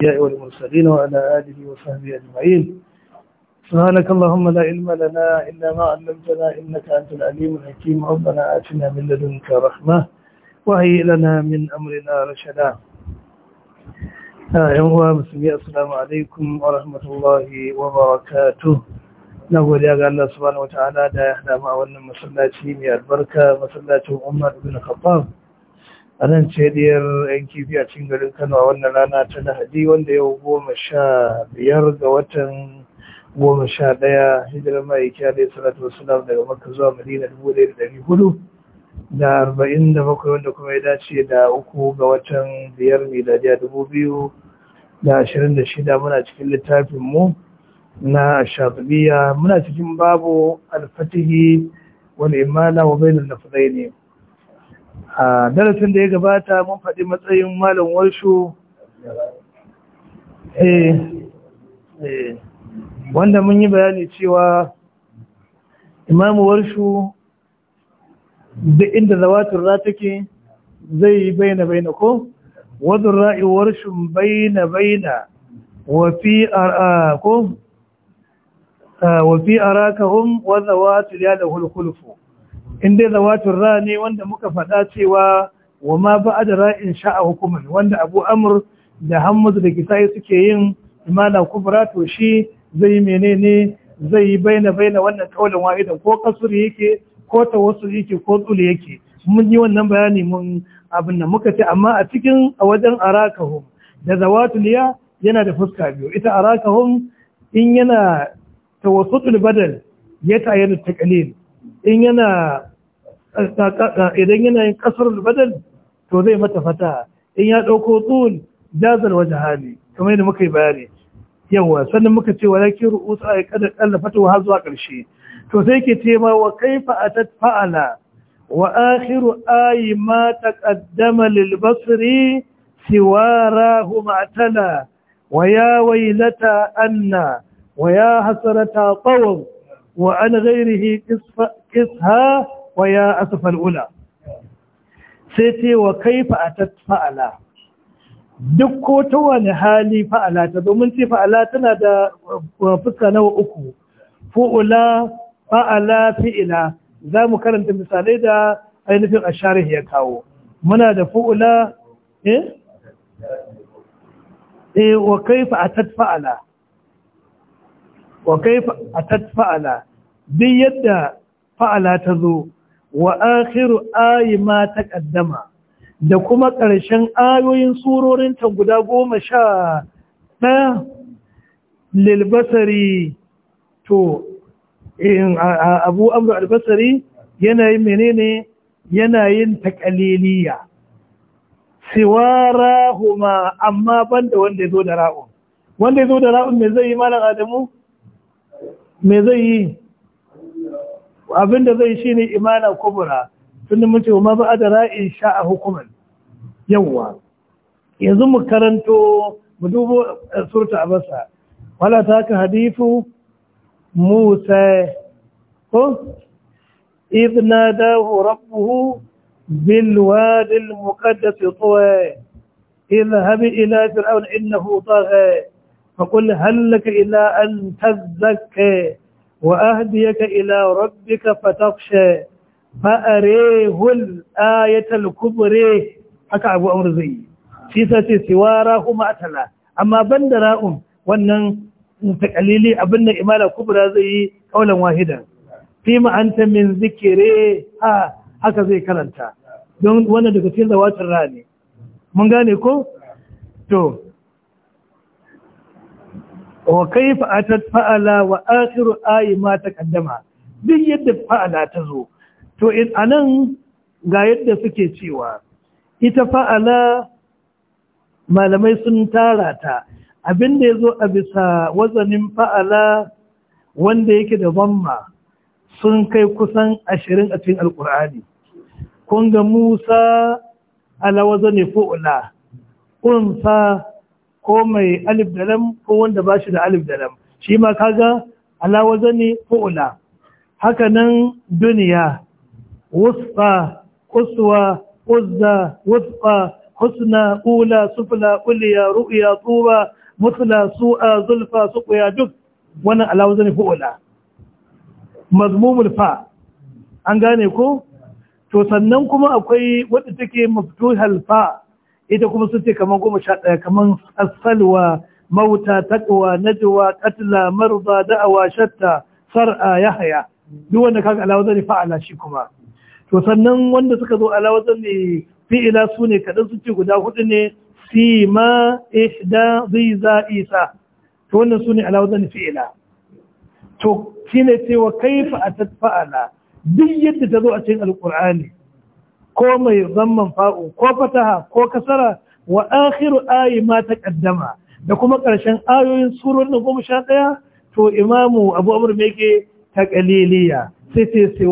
الأنبياء والمرسلين وعلى آله وصحبه أجمعين سبحانك اللهم لا علم لنا إلا ما علمتنا إنك أنت العليم الحكيم ربنا آتنا من لدنك رحمة وهيئ لنا من أمرنا رشدا أيها المسلمين السلام عليكم ورحمة الله وبركاته na godiya ga Allah subhanahu wataala da ya hada mu a wannan masallaci mai albarka masallacin Umar ibn Khattab a nan ce diyar yan kifi a cikin garin kano a wannan rana ta lahadi wanda yau goma sha biyar ga watan goma sha ɗaya hijirar ma'aiki a dai salatu lam daga makka zuwa madina dubu ɗaya da ɗari hudu da arba'in da bakwai wanda kuma ya dace da uku ga watan biyar miladiya dubu biyu da ashirin da shida muna cikin littafin mu na shafiya muna cikin babu alfatihi wani imana wa bainul nafdaini ne a darasin da ya gabata mun faɗi matsayin malam warshu eh, eh, wanda mun yi bayani cewa imamu warshu duk inda zawatun ra take zai yi baina baina ko wadda ra'i warshun baina baina wafi a eh, rakahun wadda watu ya da hulkulfu in dai zawatun ra ne wanda muka faɗa cewa wa ma ba a da ra'in sha'a hukumar wanda abu amur da hamadu da kisayi suke yin imana kubra to shi zai yi menene zai yi baina baina wannan kaulin wahida ko kasuri yake ko wasu yake ko tsuli yake mun yi wannan bayani mun abin da muka ce amma a cikin a wajen arakahum da zawatul ya yana da fuska biyu ita arakahum in yana tawassutul badal ya da taqlil idan yana yin kasar badal to zai mata fata in ya ɗauko tsul jazar waje hali kamar yadda muka yi bayani yawa sannan muka ce wa lakin ru'usu a kada kalla fatawa har zuwa ƙarshe to sai ke ce ma wa kaifa atat fa'ala wa akhiru ayi ma taqaddama lil basri siwarahu ma'tala wa ya wailata anna wa ya hasrata tawaw wa an ghayrihi isha wa ya asfal ula sai ce wa kai fa’ata fa'ala duk ko ta wani hali fa'ala ta domin ce fa'ala tana da uh, fuska na uku fu'ula fa'ala fi'ila za mu karanta misalai da ainihin a sharihi ya kawo muna da fu'ula eh eh wa kai fa’ata fa'ala wa kai fa’ata fa'ala bi yadda fa'ala ta zo wa akhiru ayi ma taqaddama da kuma ƙarshen ayoyin surorin ta guda goma sha ɗaya lilbasari to abu amru albasari yanayin menene yanayin takaliliya siwara huma amma banda wanda ya zo da ra'un wanda ya zo da ra'un me zai yi malar adamu me zai yi abinda zai shine imana kubura tunda mun ce ma ba da ra'i sha'a hukuman yawa yanzu mu karanto mu dubo surta abasa wala ta ka hadifu musa ko idna dahu rabbuhu bil wadi al muqaddas tuwa اذهب إلى فرعون إنه طغى فقل هل لك إلى أن تزكى وأهديك إلى ربك فتخشى فأريه الآية الكبرى haka abu amur zai yi shi sa ce siwara kuma atala amma ban da ra'un wannan takalili abin da imala kubra zai yi kaulan wahidan fi ma'anta min zikire ha haka zai karanta don wannan daga cikin zawatin rani. mun gane ko to wa kai fa’atar fa'ala wa akhiru ayi ma kaddama duk yadda fa'ala ta zo to in anan ga yadda suke cewa ita fa'ala malamai sun tara ta abinda zo a bisa wazanin fa'ala wanda yake da mamma, sun kai kusan ashirin a cikin alkur'ani kun ga musa ala wazani fu'ula unsa ko mai alif da lam ko wanda ba shi da alif da lam shi ma kaga ala wazani ula haka nan duniya wusfa uswa uzza wusfa husna ula sufla uliya ru'ya tuba mutla su'a zulfa suqya duk wannan ala wazani ula mazmumul fa an gane ko to sannan kuma akwai wadda take maftuhal fa ita kuma sun ce kamar goma sha ɗaya kamar asalwa mauta taƙwa najwa katla marza da'awa shatta sar'a yahaya duk wanda kaga alawazan ne fa'ala shi kuma to sannan wanda suka zo alawazan ne fi'ila su ne kaɗan su ce guda hudu ne sima ihda zai za isa to wannan su ne alawazan fi'ila to shi ne cewa kaifa a fa'ala duk yadda ta zo a cikin alƙur'ani ko mai zamman fa'u ko fataha ko kasara wa akhiru ayi ma ta ƙaddama, da kuma ƙarshen ayoyin surar na goma sha ɗaya to imamu abu amur meke ke taƙaliliya sai ce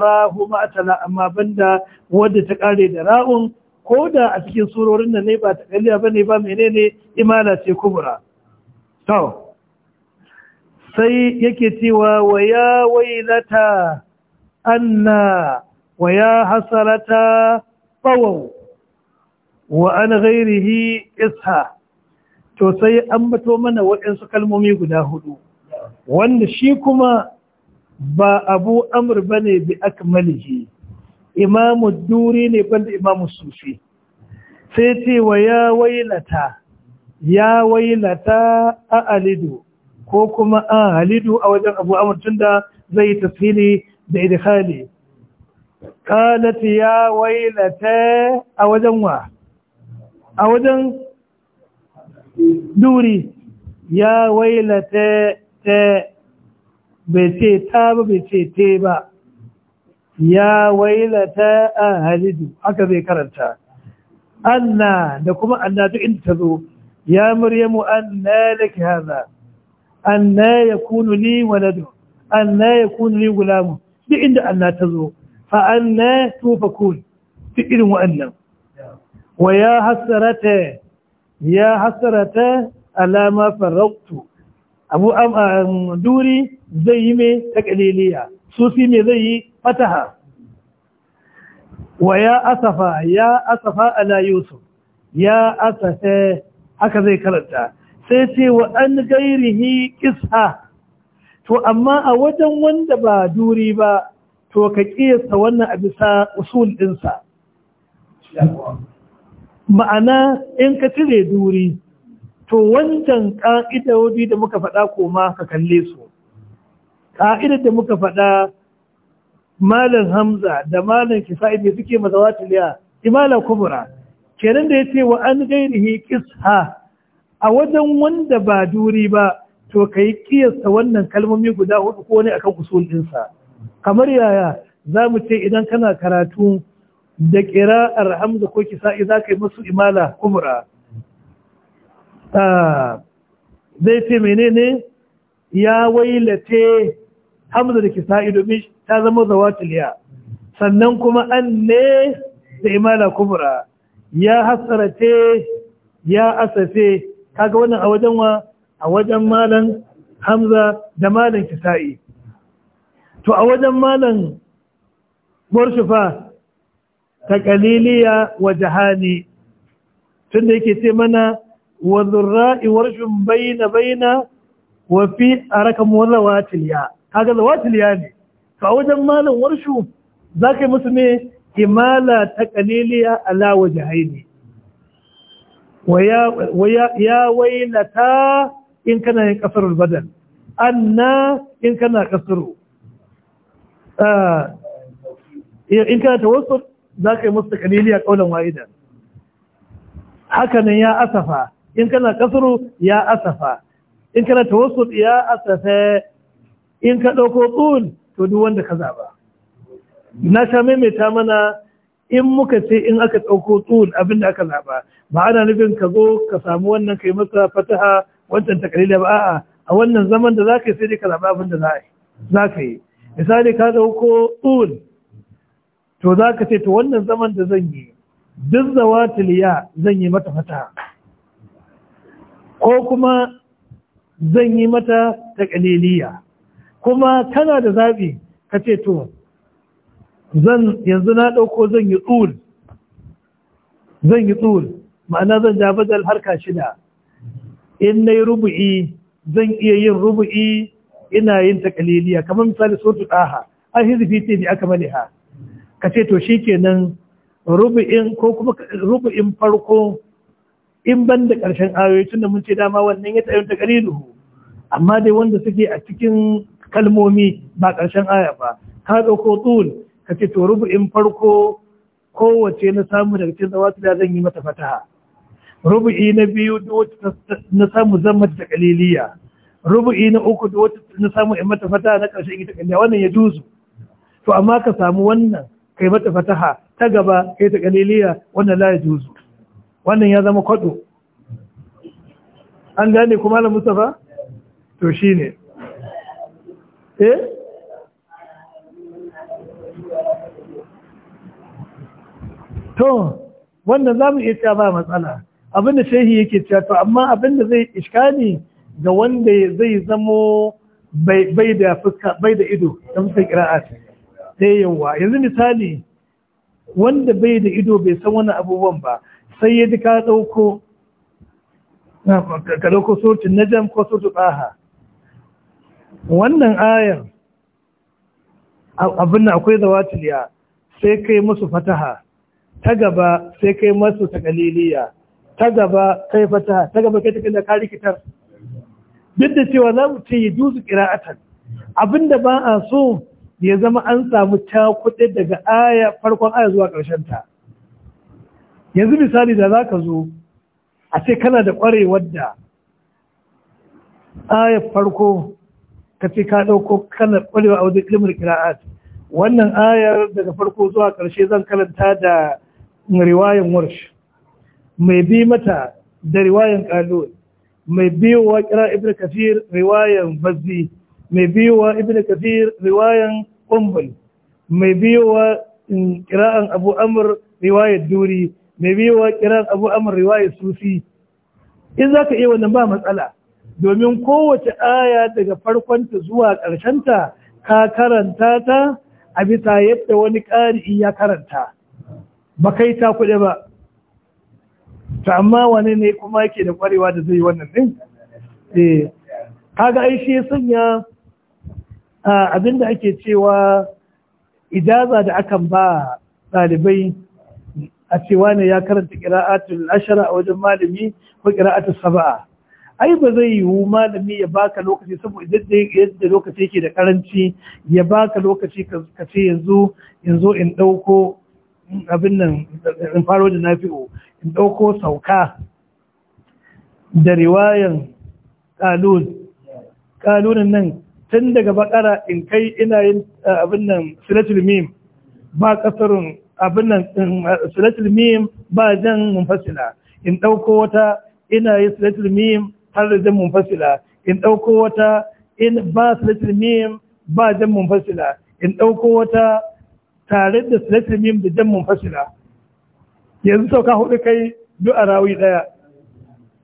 rahu ma ta amma banda wadda ta ƙare da ra'un ko da a cikin surorin nan ne ba ta taƙaliya ba ne ba menene imala ce kubura to sai yake cewa waya wailata anna ويا حسرة طووا وأنا غيره إسها to sai an bato mana waɗansu kalmomi guda huɗu. wanda shi kuma ba abu amur ba ne bi akmalihi imamu duri ne banda imamu sufi sai ce wa ya wailata ya wailata a alidu ko kuma a halidu a wajen abu amur tun da zai tafsiri da idhali kalati ya wailata a wajen wa a wajen duri ya wailata ta bai ce ta ba bai ce te ba ya wailata a halidu aka zai karanta anna da kuma anna duk inda ta zo ya muryamu anna ke haza anna yakunu li waladu anna kunu ni gulamu duk inda anna ta zo fa'anna tufakun duk irin waɗannan. wa ya hasarata ya hasarata alama farautu abu duri zai yi mai takaliliya sufi mai zai yi fataha wa ya asafa ya asafa ala yusuf ya asafa haka zai karanta sai sai wa an gairihi kisa to amma a wajen wanda ba duri ba to ka ƙiyasta wannan a bisa usul ɗinsa ma'ana in ka cire duri to wancan ƙa'idodi da muka faɗa koma ka kalle su ƙa'idar da muka faɗa malam hamza da malam da suke mazawatiliya imala kubura kenan da ya ce wa an gairihi kisha a wajen wanda ba duri ba to ka yi kiyasta wannan kalmomi guda hudu ko wani akan usul ɗinsa kamar yaya za mu ce idan kana karatu da ƙira'ar hamza ko kisa za ka yi masu imala kubra ah, zai ce menene ya wailate hamza da kisa'i domin ta zama zawatiliya sannan kuma an ne da imala kumura ya hasarate ya asafe kaga wannan a wajen wa a wajen malan hamza da malan kisa'i to a wajen malam murshifa ta kaliliya wa jahani tun da yake ce mana wa zurra'i warshin baina baina wa fi arakan zawatiliya kaga zawatiliya ne to a wajen malam warshu za ka yi musu ne imala ta kaliliya ala wa jahani ya wailata in kana yin badan, badal anna in kana kasuru Eh, in kana tawassul za ka yi musu kaliliya kaulan wa'ida hakanan ya asafa in kana kasuru ya asafa in kana tawassul ya asafa in ka ɗauko tsul to duk wanda ka zaba na sha maimaita mana in muka ce in aka ɗauko tsul abin da aka zaba ba ana nufin ka zo ka samu wannan kai masa fataha wancan takalila ba a'a a wannan zaman da za ka yi sai dai ka zaba abin da za ka yi misali ka ɗauko tsul to za ka ce to wannan zaman da zan yi duk ya zan yi mata fata ko kuma zan yi mata taqaliliya kuma kana da zaɓi ka ce to zan yanzu na ɗauko zan yi tsul zan yi tsul ma'ana zan ja bazal harka shida in na rubu'i zan iya yin rubu'i ina yin takaliliya kamar misali sotu ɗaha an hizifi ce ne aka ha ka ce to shi kenan rubu'in rubu'in farko in ban da ƙarshen ayoyi tunda mun ce dama wannan ya ta takaliluhu amma dai wanda suke a cikin kalmomi ba ƙarshen aya ba ka ɗauko tsul ka ce to rubu'in farko kowace na samu daga cikin zawatu da zan yi mata fataha rubu'i na biyu na samu zama da takaliliya rubu'i na uku da wata na samu in mata fata na ƙarshe ita kalliya wannan ya duzu? to amma ka samu wannan kai mata fataha ta gaba kai ta kaliliya wannan la ya duzu. wannan ya zama kwado an gane kuma la mustafa to shine eh to wannan zamu iya cewa ba matsala abinda shehi yake cewa to amma abinda zai iskani ga wanda zai zamo bai da fuska bai da ido don sai kira'a sai yawa yanzu misali wanda bai da ido bai san wani abubuwan ba sai ya ji ka ɗauko ka ɗauko na jam ko surtun ɗaha wannan ayar abin da akwai zawatiliya sai kai musu fataha ta gaba sai kai masu takaliliya ta gaba kai fataha ta gaba kai takaliliya ka rikitar duk da cewa za mu ce ya juzu ƙira'atan abinda ba a so ya zama an samu kuɗi daga aya farkon aya zuwa ƙarshen ta yanzu misali da za ka zo a ce kana da ƙwarewar da aya farko ka ce ka ɗauko kana ƙwarewa a wajen ilimin ƙira'at wannan ayar daga farko zuwa ƙarshe zan karanta da riwayan warsh mai bi mata da riwayan ƙalon mai wa kira ibn kafir riwayan bazzi mai wa ibn kafir riwayan ƙumbul mai biyowa mm, kira'an abu amur riwayar duri mai biyowa kira'an abu amur riwayar sufi in za ka iya wannan ba matsala domin kowace aya daga farkonta zuwa ƙarshenta ka karanta ta a bisa yadda wani ƙari'i ya karanta ba kai ta kuɗi ba ta amma wane ne kuma yake da kwarewa da zai wannan din eh kaga ai shi sanya abinda ake cewa ijaza da akan ba ɗalibai a cewa ne ya karanta qira'atul ashara a wajen malami ko qira'atul saba'a. ai ba zai yiwu malami ya baka lokaci saboda yadda lokaci yake da karanci ya baka lokaci ka ce yanzu yanzu in ɗauko abin nan in faro da nafi'u in ɗauko sauka da riwayan ƙalun ƙalunin nan tun daga bakara in kai ina yin eh, abin nan silatul mim ba kasarun abin nan eh, silatul mim ba jan munfasila in ɗauko wata ina yin silatul mim har da jan munfasila in ɗauko wata in ba silatul mim ba jan munfasila in ɗauko wata tare da silatul da jammun fasila yanzu sauka hudu kai duk a rawi daya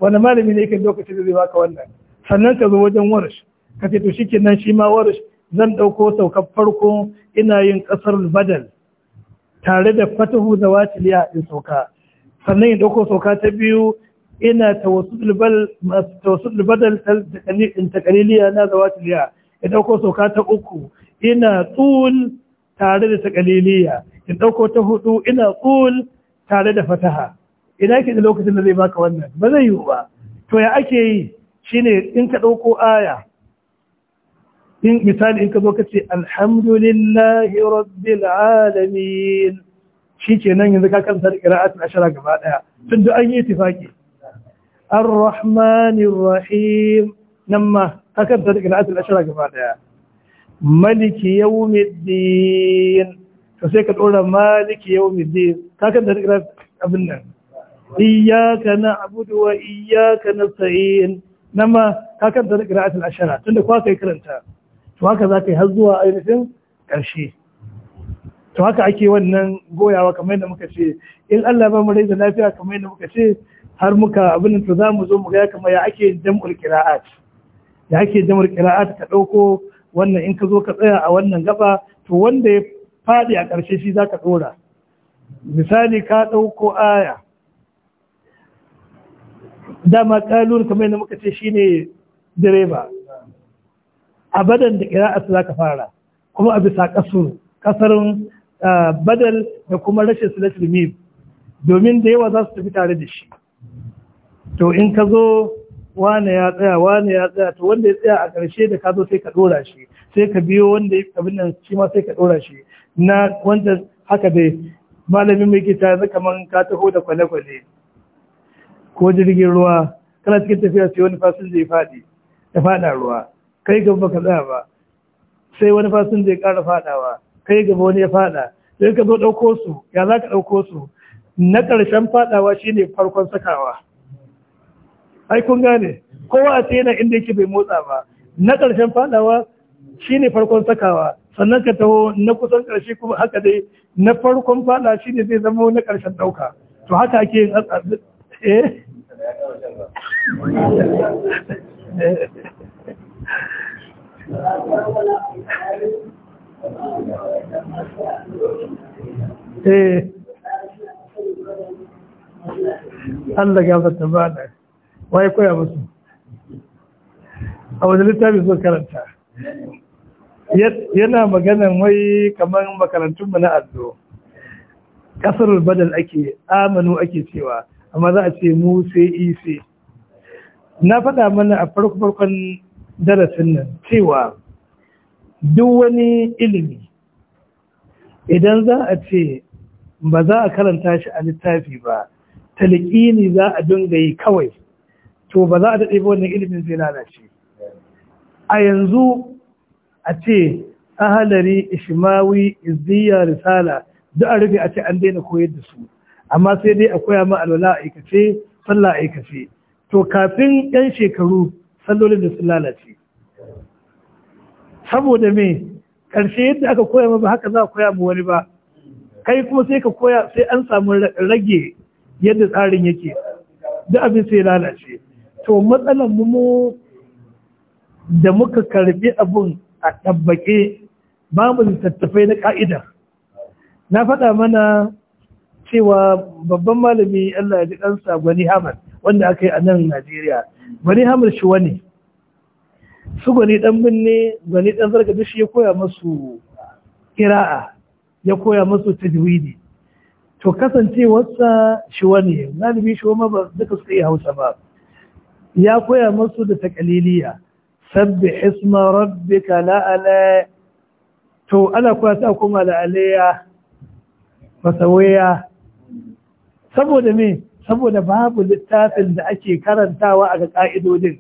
wani malami ne yake lokacin da zai baka wannan sannan ka zo wajen warish, ka ce to shikenan shi ma warish, zan dauko saukar farko ina yin ƙasar badal tare da fatahu zawatil ya in sauka sannan in dauko sauka ta biyu ina tawassul badal ta takaliliya na zawatil ya in dauko sauka ta uku ina tsul tare da takaliliya in ɗauko ta hudu ina ƙul tare da fataha ina ke da lokacin da zai baka wannan ba zai yiwu ba to ya ake yi shine in ka ɗauko aya in misali in ka zo ka ce alhamdulillahi rabbil alamin shi ke nan yanzu ka kansa da ƙira'atun gaba daya tun da an yi tifaƙi ar nan ma ka kansa da ƙira'atun gaba daya. maliki yawmiddin to sai ka dora maliki yawmiddin kakan da kira abin nan iyyaka na'budu wa iyyaka nasta'in nama kakan da kira atul ashara tunda kwa kai karanta to haka za ka yi har zuwa ainihin ƙarshe to haka ake wannan goyawa kamar yadda muka ce in Allah ba mu rai da lafiya kamar yadda muka ce har muka abin da za mu zo mu ga kamar ya ake jam'ul qira'at ya ake jam'ul qira'at ka dauko wannan in ka zo ka tsaya a wannan gaba to wanda ya faɗi a ƙarshe shi za ka ɗora misali ka ɗauko aya dama kalur kamar yadda muka ce shi ne direba A abadan da kira'atu za ka fara kuma a bisa ƙasu kasarun badal da kuma rashin silatul mim domin da yawa za su tafi tare da shi to in ka zo wane ya tsaya wane ya tsaya to wanda ya tsaya a ƙarshe da ka zo sai ka ɗora shi sai ka biyo wanda abin nan shi ma sai ka ɗora shi na wanda haka dai malamin mai kita ta yanzu kamar ka taho da kwale-kwale ko jirgin ruwa kana cikin tafiya sai wani fasinja ya faɗi ya faɗa ruwa kai gaba baka tsaya ba sai wani fasinja ya ƙara faɗawa kai gaba wani ya faɗa sai ka zo ɗauko su ya za ka ɗauko su na ƙarshen faɗawa shine farkon sakawa ai kun gane kowa a tsaye na inda yake bai motsa ba na ƙarshen faɗawa shi ne farkon sakawa sannan ka taho na kusan ƙarshe kuma haka dai na farkon faɗa shi ne zai zama na ƙarshen ɗauka to haka ake yin eh? Eh. eh Allah ya fata bana waye koya musu a wani littafi so karanta yana maganan wai kamar makarantunmu na allo Ƙasar badal ake amanu ake cewa amma za a ce mu sai ise na faɗa mana a farko-farkon darasin nan cewa duk wani ilimi idan za a ce ba za a karanta shi a littafi ba talikini za a dinga yi kawai to ba za a daɗe ba wannan ilimin zai lalace a yanzu a ce ahalari Ishimawi izziya risala duk a rufe a ce an daina koyar da su amma sai dai a koya ma alwala aikace sallah a aikace to kafin yan shekaru sallolin da sun lalace saboda me ƙarshe yadda aka koya ma ba haka za a koya mu wani ba kai kuma sai ka koya sai an samu rage yadda tsarin yake duk abin sai lalace to matsalar mu da muka karbi abun a tabbake babu littattafai na ka'ida na faɗa mana cewa babban malami Allah ya ji kansa gwani hamad wanda aka yi a nan najeriya gwani hamad shi wani su gwani dan binne gwani dan zarga shi ya koya masu kira'a ya koya masu tajwidi to kasancewarsa shi wani galibi shi ba duka suka yi hausa ba ya koya masu da takaliliya sabbi isma rabbika ala to ana koya ta kuma la'aliya fasawiya saboda me saboda babu littafin da ake karantawa a ga ka'idodin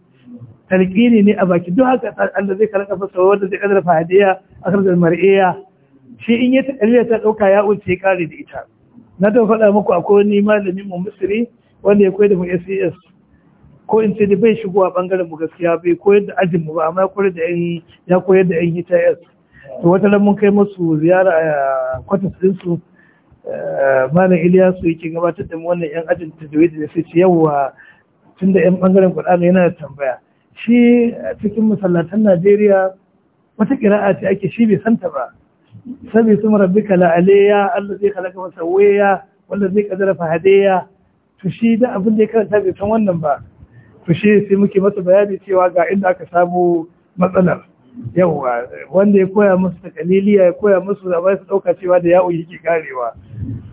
talqini ne a baki duk haka Allah zai karanta fasawiya wanda zai kadar fahadiya akar da mar'iya shi in yi takaliliya ta dauka ya wuce kare da ita na da faɗa muku akwai ni malamin mu misri wanda ya koyar da mu e ko in ce da bai shigo a bangaren mu gaskiya bai koyar da ajin mu ba amma ya koyar da yan ya koyar da yan UTS to wata ran mun kai musu ziyara a kwatas din su eh, malam ilyasu yake gabatar da mu wannan yan ajin ta da sai ce yawa tunda yan bangaren Qur'ani yana da tambaya shi cikin masallatan Najeriya wata kira'a ce ake shi bai santa ba sabi su marabbika la'aliya Allah zai kala masa waya wanda zai kadara fahadiya to shi da abin da ya karanta bai san wannan ba to sai muke masa bayani cewa ga inda aka samu matsalar yawa wanda ya koya musu takaliliya ya koya musu da bai su dauka cewa da yawo yake karewa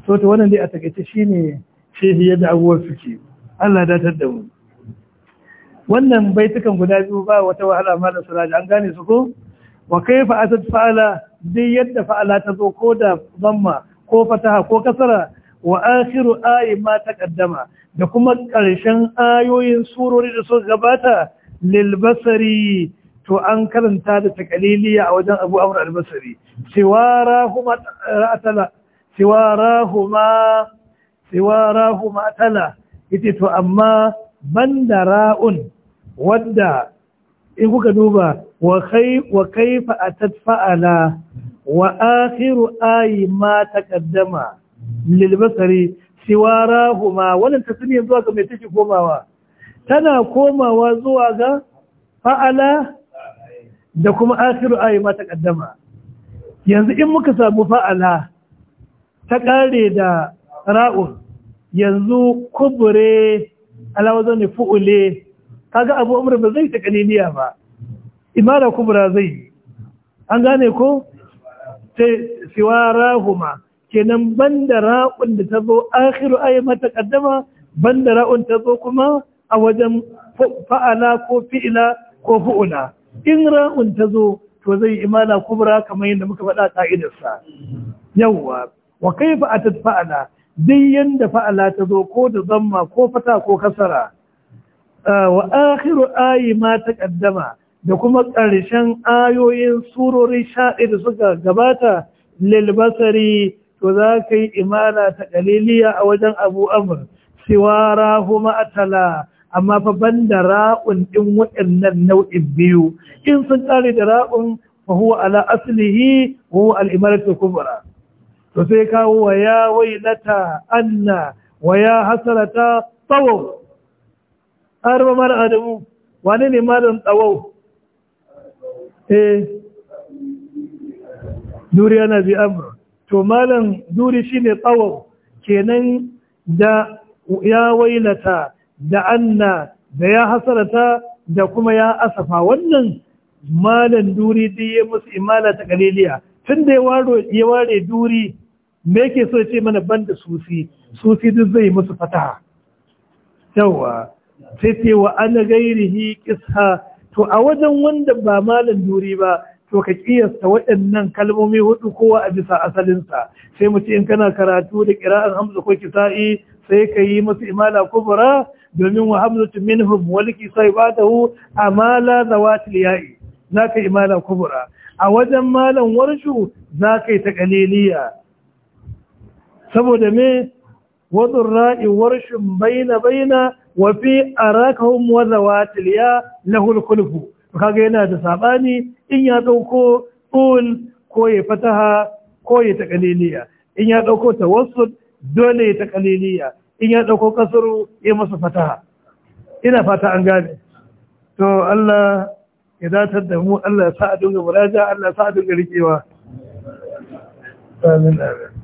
so ta wannan dai a takaice shine shehi yadda abubuwan suke Allah da da mu wannan baitukan guda biyu ba wata wahala ma da an gane su ko wa kaifa asad fa'ala dai yadda fa'ala ta zo ko da zamma ko fataha ko kasara wa akhiru ayi ma taqaddama da kuma ƙarshen ayoyin surori da suka gabata lil basari to an karanta da takaliliya a wajen Abu Amr al-Basri siwarahuma eh, atala siwarahuma siwarahuma atala yace to amma banda ra'un wadda in kuka duba wa kai wa kaifa atat fa'ala wa akhiru ayi ma taqaddama lilbasari siwarahuma wannan tasmiya zuwa ga mai take komawa tana komawa zuwa ga fa'ala da kuma akhiru ayi ma ta kaddama yanzu in muka samu fa'ala ta kare da ra'ul yanzu kubure alawazan ne fu'ule kaga abu umar ba zai ta kaniniya ba imara kubura zai an gane ko sai siwarahuma kenan banda ra'un da ta zo akhiru ayi mata kaddama banda ra'un ta zo kuma a wajen fa'ala ko fi'ila ko fu'ula in ra'un ta zo to zai imana kubra kamar yadda muka faɗa ƙa'idarsa yawwa wa kaifa atat fa'ala dai yanda fa'ala ta zo ko da zamma ko fata ko kasara wa akhiru ayi ma kaddama, da kuma ƙarshen ayoyin surori sha'i da suka gabata lil to za ka yi imala ta kaliliya a wajen abu amur siwara a tala amma fa ban da ra'un ɗin waɗannan nau'in biyu in sun ƙare da ra'un fa huwa ala aslihi wa huwa al-imaratu kubra to sai kawo wa ya wailata anna wa ya hasarata tsawo arba mara adamu wani ne malam tsawo eh duriya na bi amur to malam duri shine tsawon kenan da ya wailata da anna da ya hasarata da kuma ya asafa wannan malam duri dai ya musu imala ta galiliya tun da ya ware duri me yake so ce mana banda sufi sufi duk zai musu fataha yawa sai ce wa ana gairihi kisa to a wajen wanda ba malam duri ba to ka kiyasta waɗannan kalmomi hudu kowa a bisa asalinsa sai mu ce in kana karatu da kira'an hamza ko kisa'i sai ka yi masu imala kubra domin wa hamzatu minhum wal kisa'i batahu amala zawatil ya'i zaka imala kubra a wajen malam warshu zaka yi ta kaliliya saboda me wadun ra'i warshin baina baina wa fi arakahum wa zawatil ya lahul kulfu kaga yana da saɓani. in ya ɗauko un ko ya fataha ko ya takaliliya? in ya ɗauko tawassul dole ya takaliliya? in ya ɗauko kasuru ya masa fataha ina fata an gane to Allah ya datar da mu Allah ya sa a dinga muraja Allah ya sa a dinga riƙewa amin amin